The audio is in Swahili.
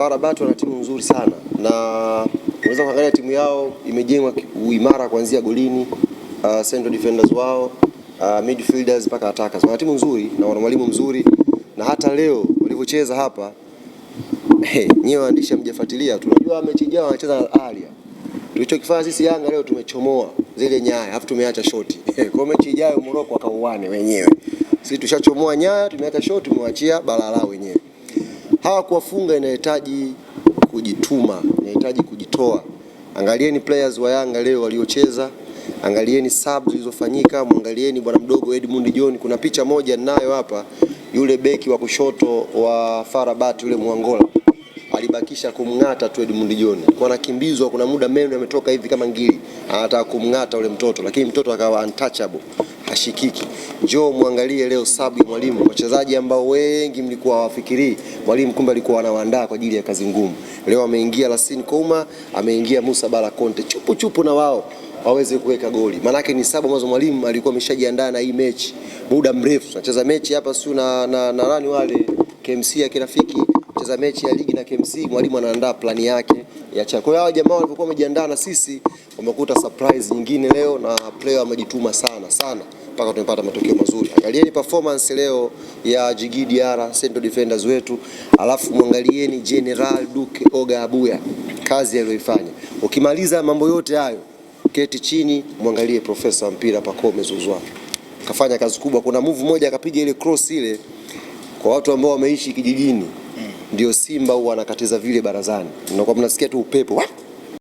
Warabat wana timu nzuri sana na unaweza kuangalia timu yao imejengwa uimara kuanzia golini, uh, central defenders wao, uh, midfielders mpaka attackers. Wana timu nzuri na wana mwalimu mzuri na hata leo walivyocheza hapa hey, nyewe waandishi mjafuatilia, tunajua mechi ijayo wanacheza na Alia. Tulichokifanya sisi Yanga leo tumechomoa zile nyaya afu tumeacha shoti. Kwa mechi ijayo Morocco akauane wenyewe. Sisi tushachomoa nyaya, tumeacha shoti, tumewachia balaa wenyewe hawa kuwafunga inahitaji kujituma, inahitaji kujitoa. Angalieni players wa Yanga leo waliocheza, angalieni sub zilizofanyika, mwangalieni bwana mdogo Edmund John. Kuna picha moja ninayo hapa, yule beki wa kushoto wa Farabat yule Mwangola alibakisha kumng'ata tu Edmund John, kwa anakimbizwa, kuna muda meno yametoka hivi kama ngili, anataka kumng'ata ule mtoto, lakini mtoto akawa untouchable ashikiki. Njoo muangalie leo sabu ya mwalimu, wachezaji ambao wengi mlikuwa hawafikirii mwalimu kumbe alikuwa anawaandaa kwa ajili ya kazi ngumu. Leo ameingia Lassine Kouma, ameingia Musa Bala Konte, chupu chupu na wao waweze kuweka goli, maanake ni sabu ambazo mwalimu alikuwa ameshajiandaa na hii mechi muda mrefu. Anacheza mechi hapa, sio na nani wale KMC ya kirafiki kucheza mechi ya ligi na KMC, mwalimu anaandaa plani yake ya cha. Kwa hiyo hao jamaa walivyokuwa wamejiandaa na sisi wamekuta surprise nyingine leo, na player amejituma sana sana mpaka tumepata matokeo mazuri. Angalieni performance leo ya Jigi Diara, central defenders wetu, alafu mwangalieni General Duke Oga Abuya, kazi aliyoifanya. Ukimaliza mambo yote hayo, keti chini, mwangalie profesa wa mpira Pacome Zouzoua, kafanya kazi kubwa. Kuna move moja akapiga ile cross ile, kwa watu ambao wameishi kijijini ndio Simba huwa anakatiza vile barazani, mnakuwa mnasikia tu upepo